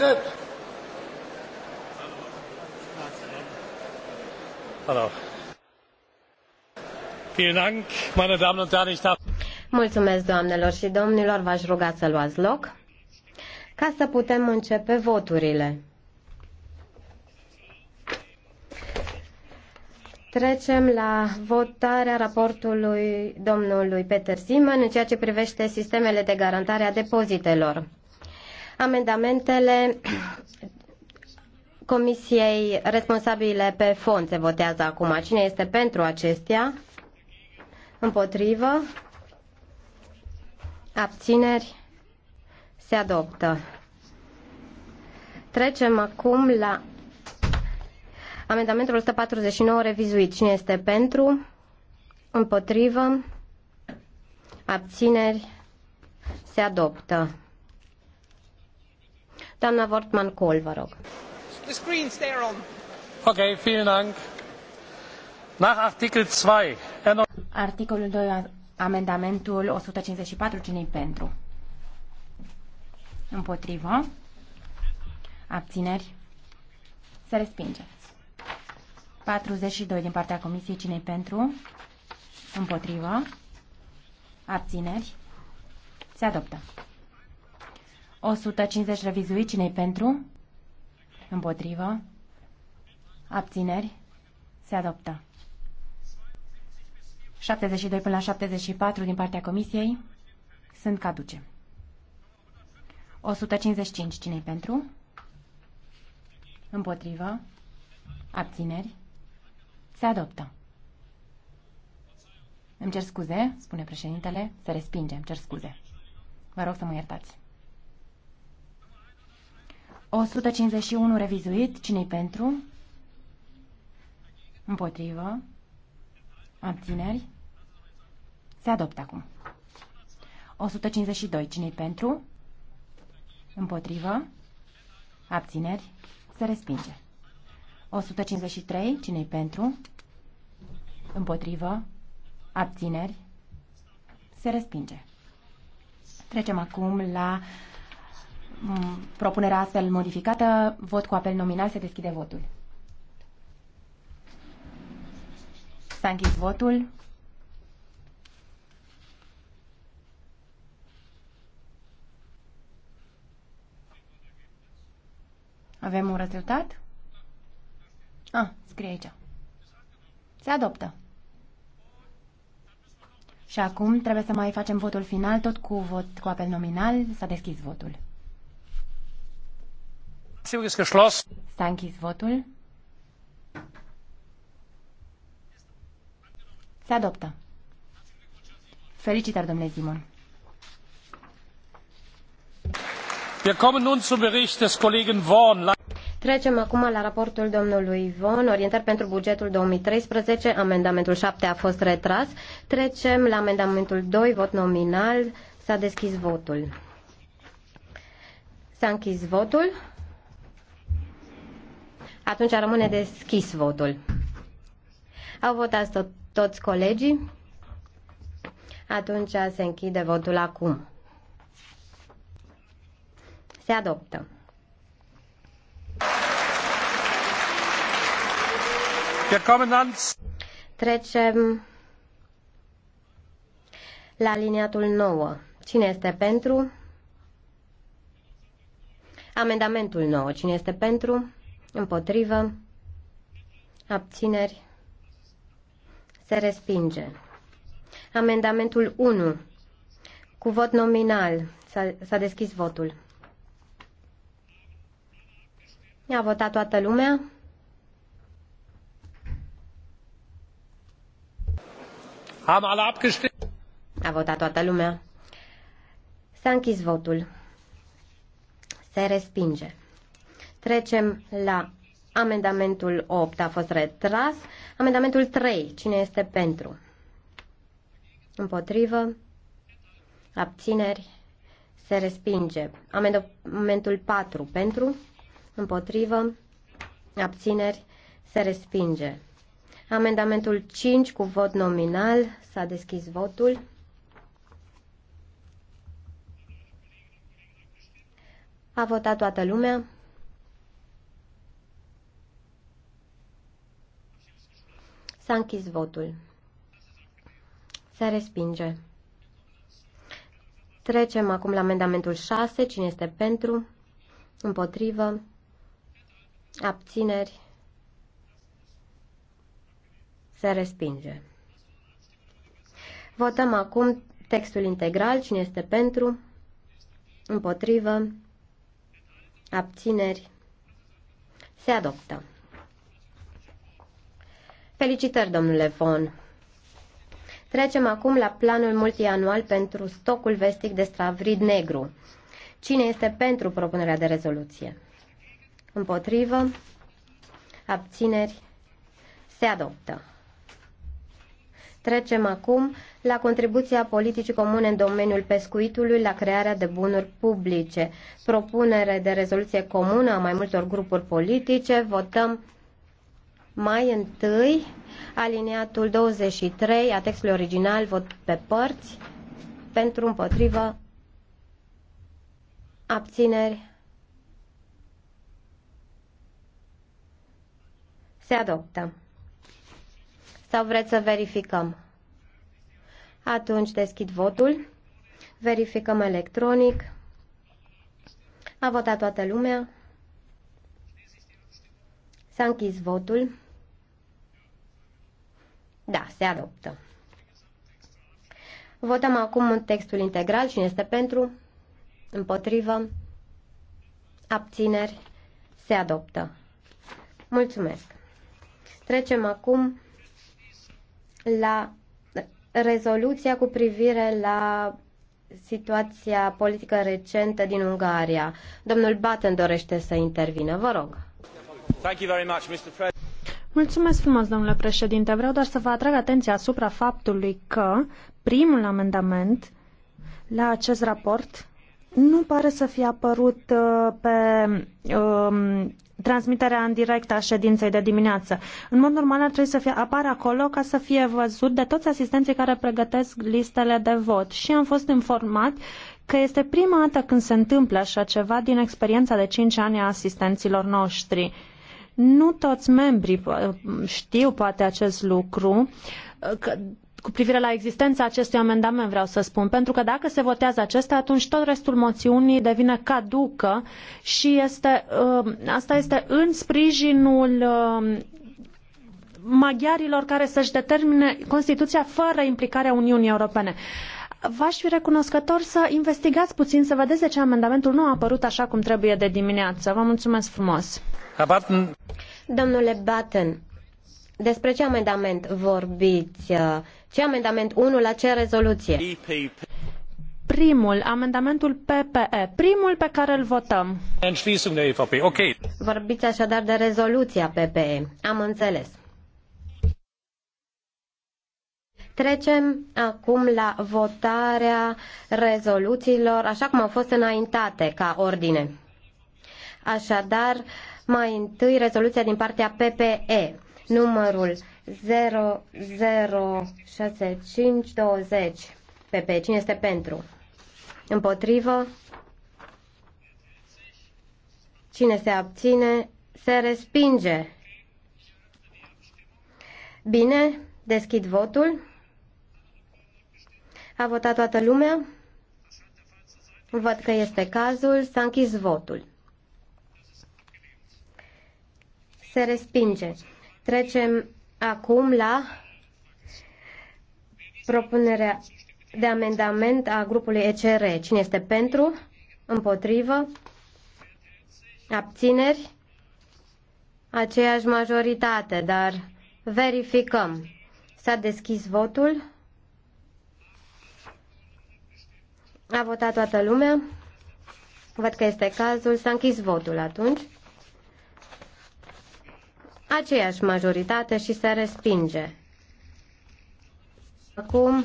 Drept. Mulțumesc, doamnelor și domnilor, v-aș ruga să luați loc ca să putem începe voturile. Trecem la votarea raportului domnului Peter Simon în ceea ce privește sistemele de garantare a depozitelor. Amendamentele comisiei responsabile pe fond se votează acum. Cine este pentru acestea? Împotrivă? Abțineri? Se adoptă. Trecem acum la amendamentul 149 revizuit. Cine este pentru? Împotrivă? Abțineri? Se adoptă. Doamna Wortman Kohl, vă rog. The screen's there on. Ok, vielen Dank. Nach Artikel 2. Articolul 2, amendamentul 154, cine pentru? Împotrivă. Abțineri. Se respinge. 42 din partea Comisiei, cine pentru? Împotrivă. Abțineri. Se adoptă. 150 revizuit, cine pentru? Împotrivă. Abțineri. Se adoptă. 72 până la 74 din partea comisiei sunt caduce. 155 cine pentru? Împotrivă. Abțineri. Se adoptă. Îmi cer scuze, spune președintele, se respinge, îmi cer scuze. Vă rog să mă iertați. 151 revizuit. Cine-i pentru? Împotrivă. Abțineri. Se adoptă acum. 152. Cine-i pentru? Împotrivă. Abțineri. Se respinge. 153. Cine-i pentru? Împotrivă. Abțineri. Se respinge. Trecem acum la Mm, propunerea astfel modificată. Vot cu apel nominal. Se deschide votul. S-a închis votul. Avem un rezultat? Ah, scrie aici. Se adoptă. Și acum trebuie să mai facem votul final, tot cu vot cu apel nominal. S-a deschis votul. S-a închis votul. Se adoptă. Felicitări, domnule Simon. Wir kommen nun zum Bericht des Kollegen Vaughan. Trecem acum la raportul domnului Von, orientări pentru bugetul 2013, amendamentul 7 a fost retras. Trecem la amendamentul 2, vot nominal, s-a deschis votul. S-a închis votul. Atunci rămâne deschis votul. Au votat to toți colegii. Atunci se închide votul acum. Se adoptă. Trecem la liniatul 9. Cine este pentru? Amendamentul 9. Cine este pentru? împotrivă, abțineri, se respinge. Amendamentul 1. Cu vot nominal s-a deschis votul. A votat toată lumea. Am ala A votat toată lumea. S-a închis votul. Se respinge. Trecem la amendamentul 8, a fost retras. Amendamentul 3, cine este pentru? Împotrivă? Abțineri? Se respinge. Amendamentul 4, pentru? Împotrivă? Abțineri? Se respinge. Amendamentul 5 cu vot nominal. S-a deschis votul. A votat toată lumea. S-a închis votul. Se respinge. Trecem acum la amendamentul 6. Cine este pentru? Împotrivă? Abțineri? Se respinge. Votăm acum textul integral. Cine este pentru? Împotrivă? Abțineri? Se adoptă. Felicitări, domnule Von! Trecem acum la planul multianual pentru stocul vestic de stravrid negru. Cine este pentru propunerea de rezoluție? Împotrivă? Abțineri? Se adoptă. Trecem acum la contribuția politicii comune în domeniul pescuitului la crearea de bunuri publice. Propunere de rezoluție comună a mai multor grupuri politice. Votăm mai întâi, aliniatul 23 a textului original, vot pe părți, pentru împotrivă, abțineri, se adoptă. Sau vreți să verificăm? Atunci deschid votul, verificăm electronic, a votat toată lumea, s-a închis votul. Da, se adoptă. Votăm acum textul integral. Cine este pentru? Împotrivă? Abțineri? Se adoptă. Mulțumesc. Trecem acum la rezoluția cu privire la situația politică recentă din Ungaria. Domnul Batten dorește să intervină. Vă rog. Thank you very much, Mr. Mulțumesc frumos, domnule președinte. Vreau doar să vă atrag atenția asupra faptului că primul amendament la acest raport nu pare să fie apărut uh, pe um, transmiterea în direct a ședinței de dimineață. În mod normal ar trebui să fie apară acolo ca să fie văzut de toți asistenții care pregătesc listele de vot. Și am fost informat că este prima dată când se întâmplă așa ceva din experiența de 5 ani a asistenților noștri. Nu toți membrii uh, știu poate acest lucru. Uh, că, cu privire la existența acestui amendament, vreau să spun, pentru că dacă se votează acesta, atunci tot restul moțiunii devine caducă și este, uh, asta este în sprijinul maghiarilor care să-și determine Constituția fără implicarea Uniunii Europene v-aș fi recunoscător să investigați puțin, să vedeți de ce amendamentul nu a apărut așa cum trebuie de dimineață. Vă mulțumesc frumos. Domnule Batten, despre ce amendament vorbiți? Uh, ce amendament 1 la ce rezoluție? Primul, amendamentul PPE, primul pe care îl votăm. Vorbiți așadar de rezoluția PPE. Am înțeles. Trecem acum la votarea rezoluțiilor, așa cum au fost înaintate ca ordine. Așadar, mai întâi rezoluția din partea PPE, numărul 006520. PPE, cine este pentru? Împotrivă? Cine se abține? Se respinge. Bine, deschid votul. A votat toată lumea? Văd că este cazul. S-a închis votul. Se respinge. Trecem acum la propunerea de amendament a grupului ECR. Cine este pentru? Împotrivă? Abțineri? Aceeași majoritate, dar verificăm. S-a deschis votul. A votat toată lumea. Văd că este cazul. S-a închis votul atunci. Aceeași majoritate și se respinge. Acum,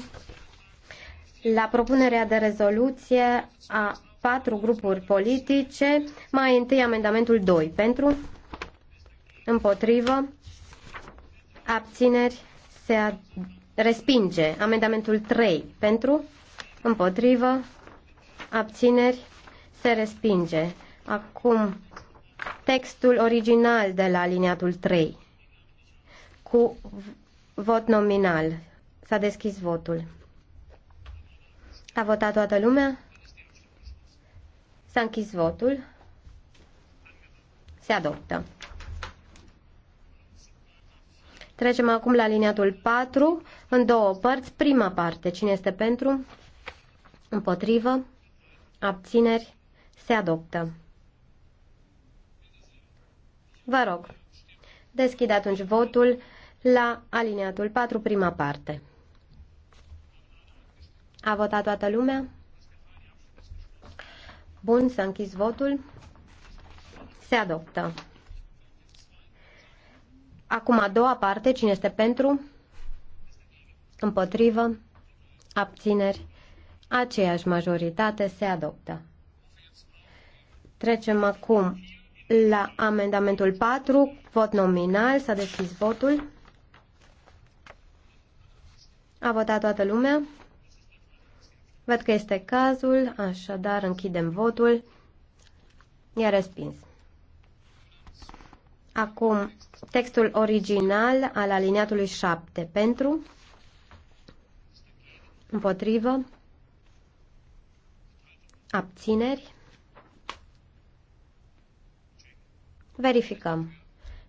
la propunerea de rezoluție a patru grupuri politice, mai întâi amendamentul 2. Pentru, împotrivă, abțineri, se respinge. Amendamentul 3. Pentru, împotrivă, abțineri, se respinge. Acum, textul original de la aliniatul 3, cu vot nominal. S-a deschis votul. A votat toată lumea? S-a închis votul. Se adoptă. Trecem acum la liniatul 4, în două părți. Prima parte, cine este pentru? Împotrivă. Abțineri. Se adoptă. Vă rog. Deschid atunci votul la aliniatul 4, prima parte. A votat toată lumea? Bun, s-a închis votul. Se adoptă. Acum a doua parte, cine este pentru? Împotrivă? Abțineri? aceeași majoritate se adoptă. Trecem acum la amendamentul 4, vot nominal, s-a deschis votul. A votat toată lumea. Văd că este cazul, așadar închidem votul. I-a respins. Acum, textul original al aliniatului 7 pentru, împotrivă, Abțineri. Verificăm.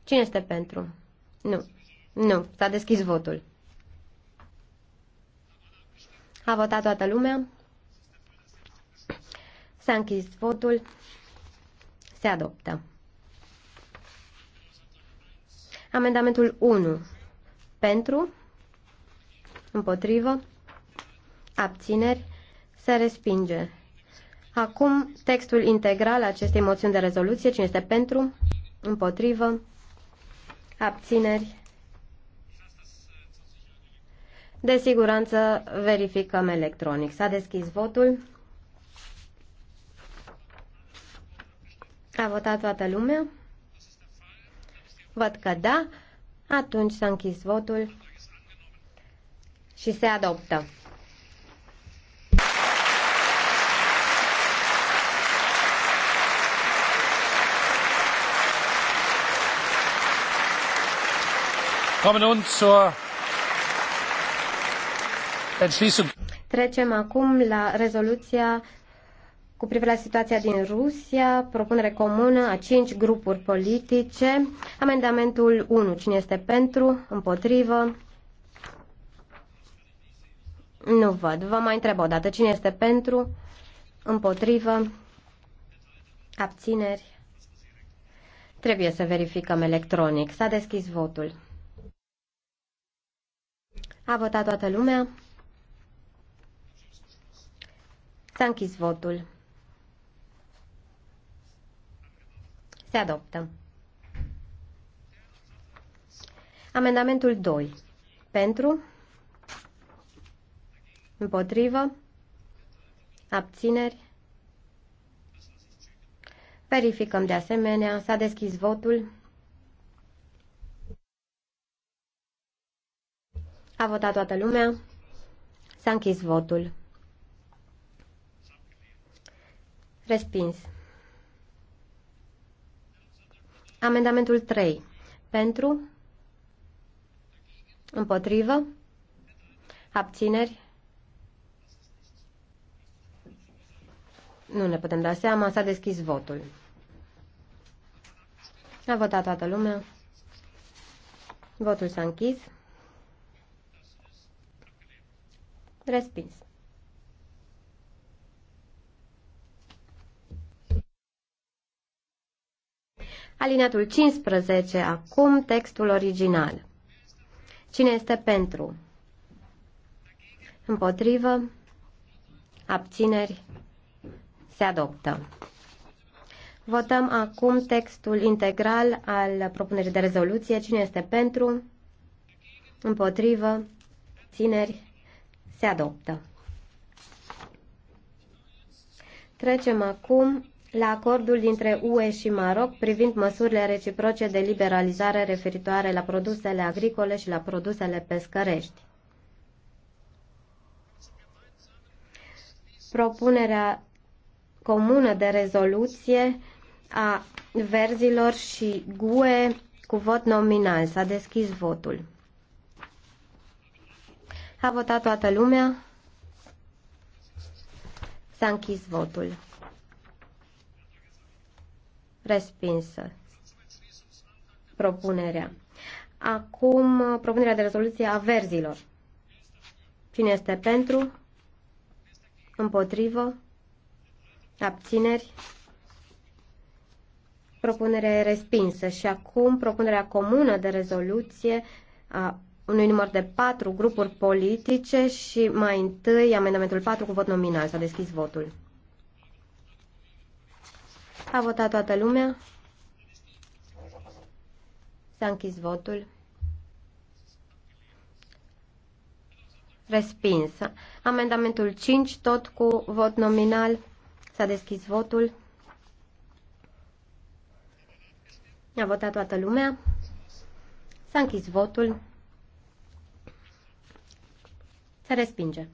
Cine este pentru? Nu. Nu. S-a deschis votul. A votat toată lumea. S-a închis votul. Se adoptă. Amendamentul 1. Pentru. Împotrivă. Abțineri. Se respinge. Acum, textul integral acestei moțiuni de rezoluție. Cine este pentru? Împotrivă? Abțineri? De siguranță verificăm electronic. S-a deschis votul. A votat toată lumea? Văd că da. Atunci s-a închis votul și se adoptă. Trecem acum la rezoluția cu privire la situația din Rusia, propunere comună a cinci grupuri politice, amendamentul 1, cine este pentru, împotrivă, nu văd, vă mai întreb o dată, cine este pentru, împotrivă, abțineri, trebuie să verificăm electronic, s-a deschis votul. A votat toată lumea. S-a închis votul. Se adoptă. Amendamentul 2. Pentru. Împotrivă. Abțineri. Verificăm de asemenea. S-a deschis votul. A votat toată lumea. S-a închis votul. Respins. Amendamentul 3. Pentru? Împotrivă? Abțineri? Nu ne putem da seama, s-a deschis votul. A votat toată lumea. Votul s-a închis. Respins. Alineatul 15, acum textul original. Cine este pentru? Împotrivă? Abțineri? Se adoptă. Votăm acum textul integral al propunerii de rezoluție. Cine este pentru? Împotrivă? Țineri? Se adoptă. Trecem acum la acordul dintre UE și Maroc privind măsurile reciproce de liberalizare referitoare la produsele agricole și la produsele pescărești. Propunerea comună de rezoluție a verzilor și GUE cu vot nominal. S-a deschis votul. A votat toată lumea. S-a închis votul. Respinsă. Propunerea. Acum, propunerea de rezoluție a verzilor. Cine este pentru? Împotrivă? Abțineri? e respinsă. Și acum, propunerea comună de rezoluție a unui număr de patru grupuri politice și mai întâi amendamentul 4 cu vot nominal. S-a deschis votul. A votat toată lumea. S-a închis votul. Respins. Amendamentul 5, tot cu vot nominal. S-a deschis votul. A votat toată lumea. S-a închis votul. Se respinge.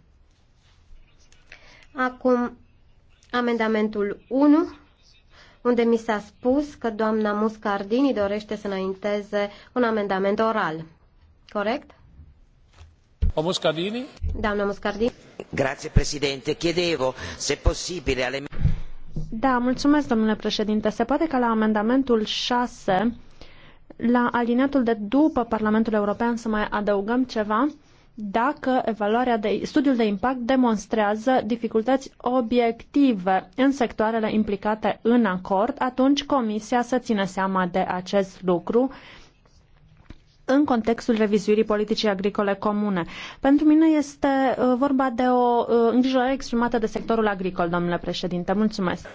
Acum, amendamentul 1, unde mi s-a spus că doamna Muscardini dorește să înainteze un amendament oral. Corect? O Muscardini? Doamna Muscardini? Grazie, Presidente. Chiedevo, se posibile, ale... Da, mulțumesc, domnule președinte. Se poate că la amendamentul 6, la alineatul de după Parlamentul European, să mai adăugăm ceva? dacă evaluarea de, studiul de impact demonstrează dificultăți obiective în sectoarele implicate în acord, atunci Comisia să țină seama de acest lucru în contextul revizuirii politicii agricole comune. Pentru mine este uh, vorba de o uh, îngrijorare exprimată de sectorul agricol, domnule președinte. Mulțumesc.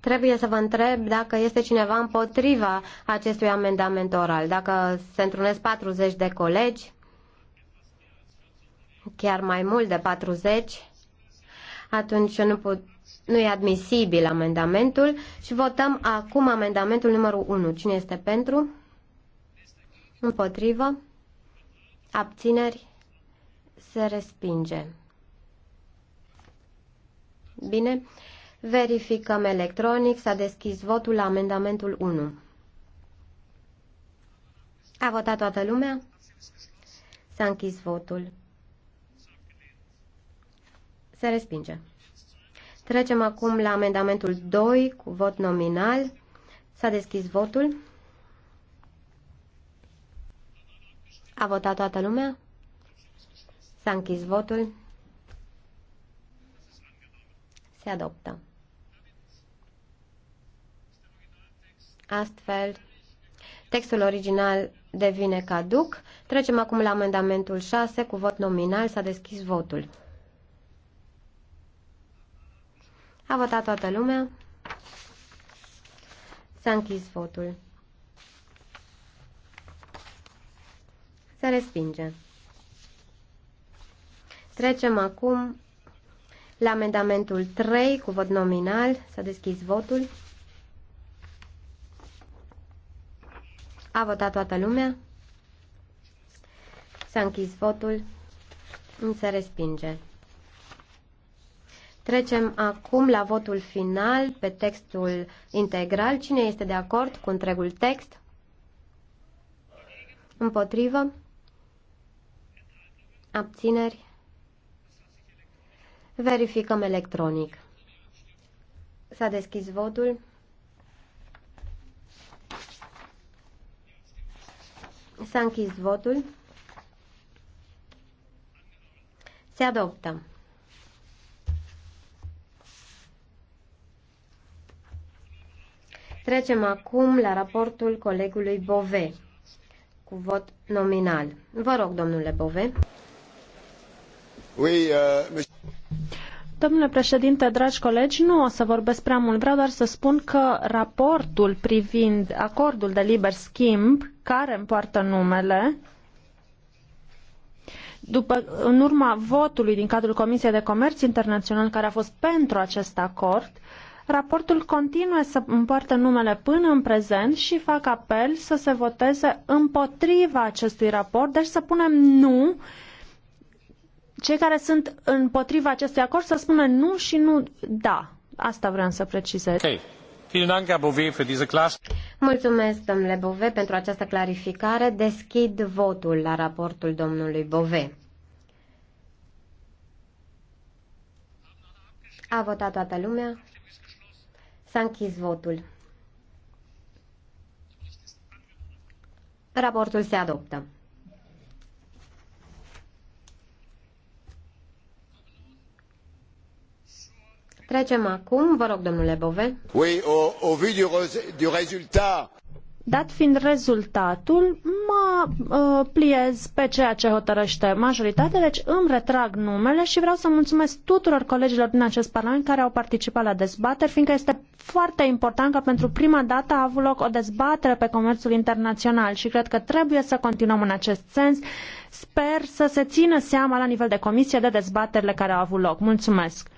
Trebuie să vă întreb dacă este cineva împotriva acestui amendament oral, dacă se întrunesc 40 de colegi chiar mai mult de 40, atunci nu, put, nu e admisibil amendamentul și votăm acum amendamentul numărul 1. Cine este pentru? Împotrivă? Abțineri? Se respinge. Bine. Verificăm electronic. S-a deschis votul la amendamentul 1. A votat toată lumea? S-a închis votul. Se respinge. Trecem acum la amendamentul 2 cu vot nominal. S-a deschis votul. A votat toată lumea? S-a închis votul. Se adoptă. Astfel, textul original devine caduc. Trecem acum la amendamentul 6 cu vot nominal. S-a deschis votul. A votat toată lumea. S-a închis votul. Se respinge. Trecem acum la amendamentul 3 cu vot nominal. S-a deschis votul. A votat toată lumea. S-a închis votul. Se respinge. Trecem acum la votul final pe textul integral. Cine este de acord cu întregul text? Împotrivă? Abțineri? Verificăm electronic. S-a deschis votul. S-a închis votul. Se adoptă. Trecem acum la raportul colegului Bove cu vot nominal. Vă rog, domnule Bove. Oui, uh, Domnule președinte, dragi colegi, nu o să vorbesc prea mult. Vreau doar să spun că raportul privind acordul de liber schimb, care îmi poartă numele, după, în urma votului din cadrul Comisiei de Comerț Internațional care a fost pentru acest acord, uh, Raportul continuă să împartă numele până în prezent și fac apel să se voteze împotriva acestui raport, deci să punem nu. Cei care sunt împotriva acestui acord să spună nu și nu da. Asta vreau să precizez. Okay. Mulțumesc, domnule Bove, pentru această clarificare. Deschid votul la raportul domnului Bove. A votat toată lumea? S-a închis votul. Raportul se adoptă. Trecem acum, vă rog, domnule Bove. Oui, au, au vu du, du résultat Dat fiind rezultatul, mă uh, pliez pe ceea ce hotărăște majoritatea, deci îmi retrag numele și vreau să mulțumesc tuturor colegilor din acest Parlament care au participat la dezbateri, fiindcă este foarte important că pentru prima dată a avut loc o dezbatere pe comerțul internațional și cred că trebuie să continuăm în acest sens. Sper să se țină seama la nivel de comisie de dezbaterile care au avut loc. Mulțumesc!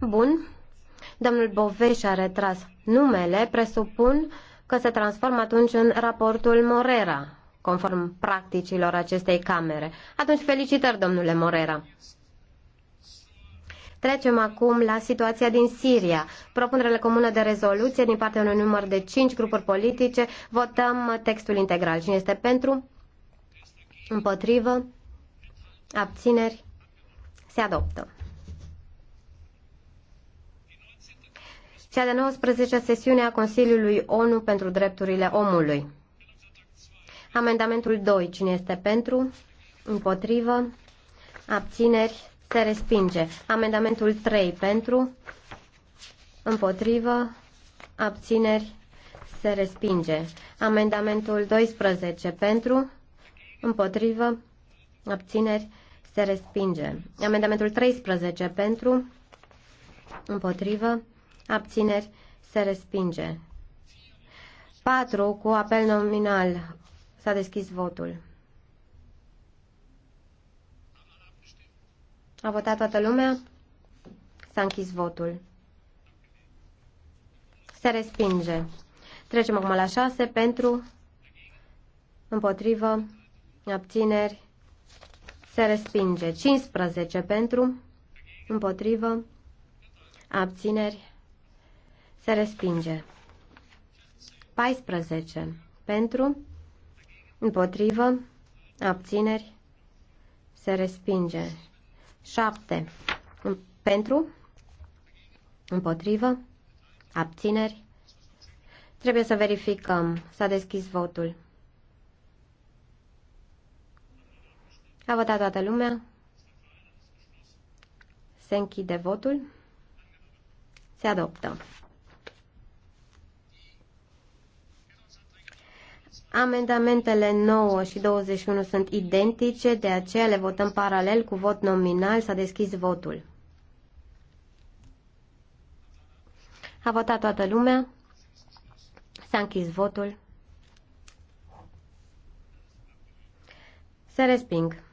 Bun. Domnul Bove și-a retras numele, presupun că se transformă atunci în raportul Morera, conform practicilor acestei camere. Atunci felicitări, domnule Morera. Trecem acum la situația din Siria. Propunerele comună de rezoluție din partea unui număr de 5 grupuri politice. Votăm textul integral. Cine este pentru? Împotrivă? Abțineri? Se adoptă. Cea de 19-a sesiune a Consiliului ONU pentru drepturile omului. Amendamentul 2. Cine este pentru? Împotrivă? Abțineri? Se respinge. Amendamentul 3. Pentru? Împotrivă? Abțineri? Se respinge. Amendamentul 12. Pentru? Împotrivă? Abțineri? se respinge. Amendamentul 13 pentru, împotrivă, abțineri, se respinge. 4 cu apel nominal s-a deschis votul. A votat toată lumea? S-a închis votul. Se respinge. Trecem acum la 6 pentru, împotrivă, abțineri, se respinge. 15 pentru, împotrivă, abțineri, se respinge. 14 pentru, împotrivă, abțineri, se respinge. 7 pentru, împotrivă, abțineri, Trebuie să verificăm. S-a deschis votul. A votat toată lumea. Se închide votul. Se adoptă. Amendamentele 9 și 21 sunt identice, de aceea le votăm paralel cu vot nominal. S-a deschis votul. A votat toată lumea. S-a închis votul. Se resping.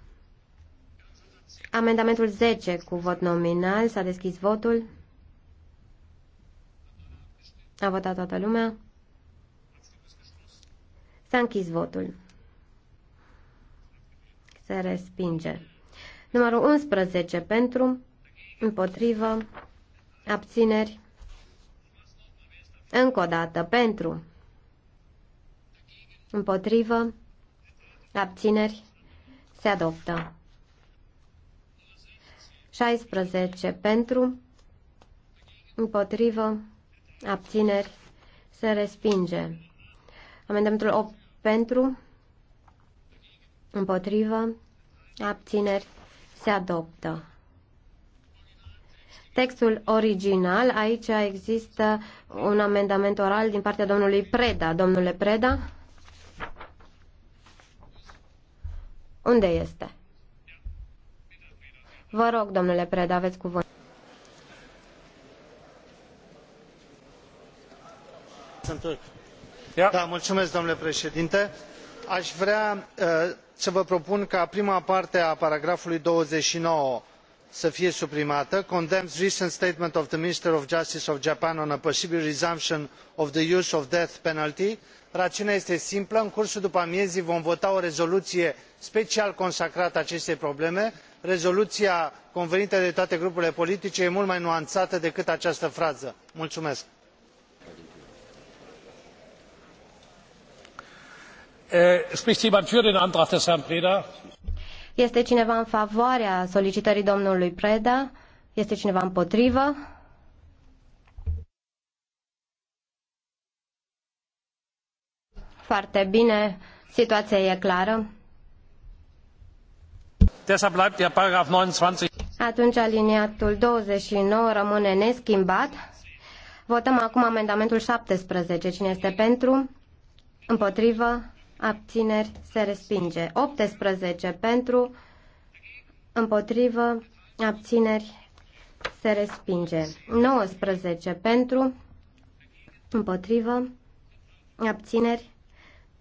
Amendamentul 10 cu vot nominal. S-a deschis votul. A votat toată lumea. S-a închis votul. Se respinge. Numărul 11 pentru, împotrivă, abțineri. Încă o dată, pentru, împotrivă, abțineri, se adoptă. 16 pentru, împotrivă, abțineri, se respinge. Amendamentul 8 pentru, împotrivă, abțineri, se adoptă. Textul original, aici există un amendament oral din partea domnului Preda. Domnule Preda, unde este? Vă rog, domnule Preda, aveți cuvânt. Da, mulțumesc, domnule președinte. Aș vrea uh, să vă propun ca prima parte a paragrafului 29 să fie suprimată condemns recent statement of the minister of justice of japan on a possible resumption of the use of the death penalty. raiunea este simplă în cursul amiezii vom vota o rezoluție special consacrată acestei probleme rezoluția convenită de toate grupurile politice este mult mai nuanată decât această frază. mulțumesc. Äh, este cineva în favoarea solicitării domnului Preda? Este cineva împotrivă? Foarte bine, situația e clară. Deshalb bleibt der Paragraph 29. Atunci aliniatul 29 rămâne neschimbat. Votăm acum amendamentul 17. Cine este pentru? Împotrivă? abțineri, se respinge. 18 pentru, împotrivă, abțineri, se respinge. 19 pentru, împotrivă, abțineri,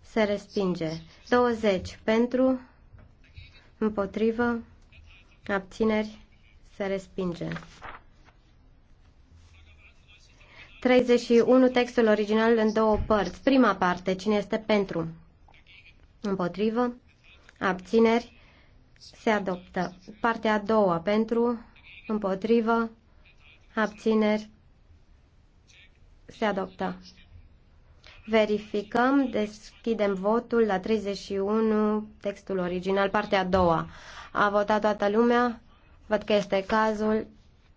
se respinge. 20 pentru, împotrivă, abțineri, se respinge. 31. Textul original în două părți. Prima parte. Cine este pentru? Împotrivă. Abțineri. Se adoptă. Partea a doua pentru. Împotrivă. Abțineri. Se adoptă. Verificăm, deschidem votul la 31, textul original, partea a doua. A votat toată lumea? Văd că este cazul.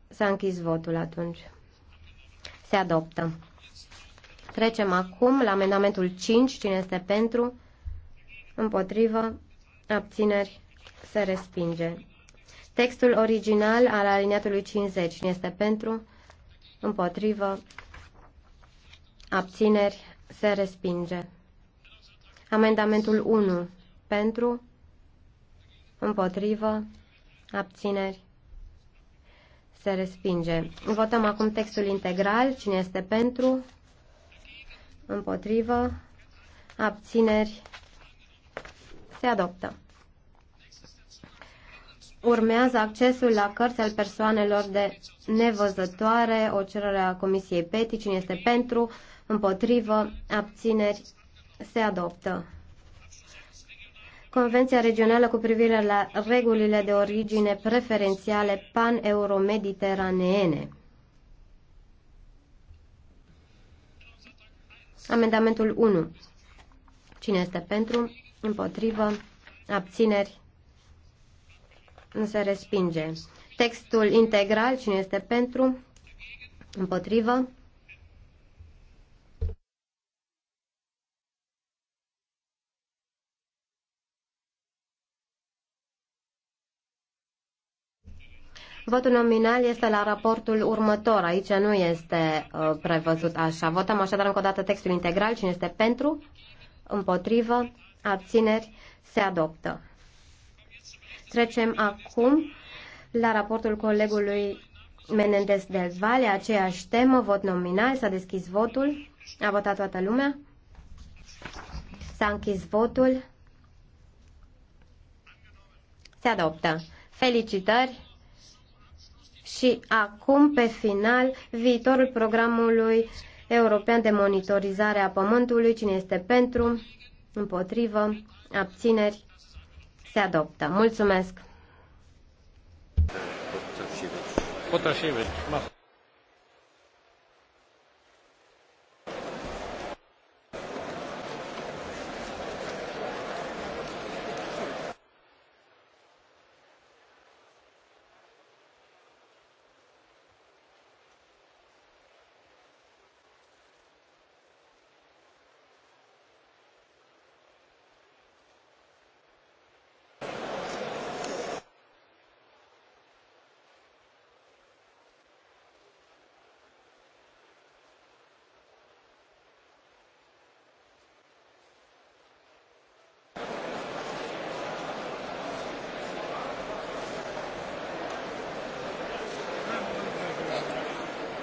S-a închis votul atunci. Se adoptă. Trecem acum la amendamentul 5. Cine este pentru? împotrivă, abțineri, se respinge. Textul original al aliniatului 50 cine este pentru, împotrivă, abțineri, se respinge. Amendamentul 1 pentru, împotrivă, abțineri, se respinge. Votăm acum textul integral. Cine este pentru? Împotrivă? Abțineri? Se adoptă. Urmează accesul la cărți al persoanelor de nevăzătoare, o cerere a Comisiei PETI, cine este pentru, împotrivă, abțineri, se adoptă. Convenția regională cu privire la regulile de origine preferențiale pan-euromediteraneene. Amendamentul 1. Cine este pentru? împotrivă, abțineri, nu se respinge. Textul integral, cine este pentru, împotrivă, Votul nominal este la raportul următor. Aici nu este uh, prevăzut așa. Votăm așadar încă o dată textul integral. Cine este pentru? Împotrivă? abțineri, se adoptă. Trecem acum la raportul colegului Menendez del Valle, aceeași temă, vot nominal, s-a deschis votul, a votat toată lumea, s-a închis votul, se adoptă. Felicitări! Și acum, pe final, viitorul programului european de monitorizare a pământului, cine este pentru, împotrivă, abțineri, se adoptă. Mulțumesc! Potrașevici.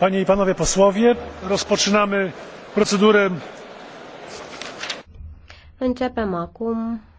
panie i panowie posłowie rozpoczynamy procedurę Începem acum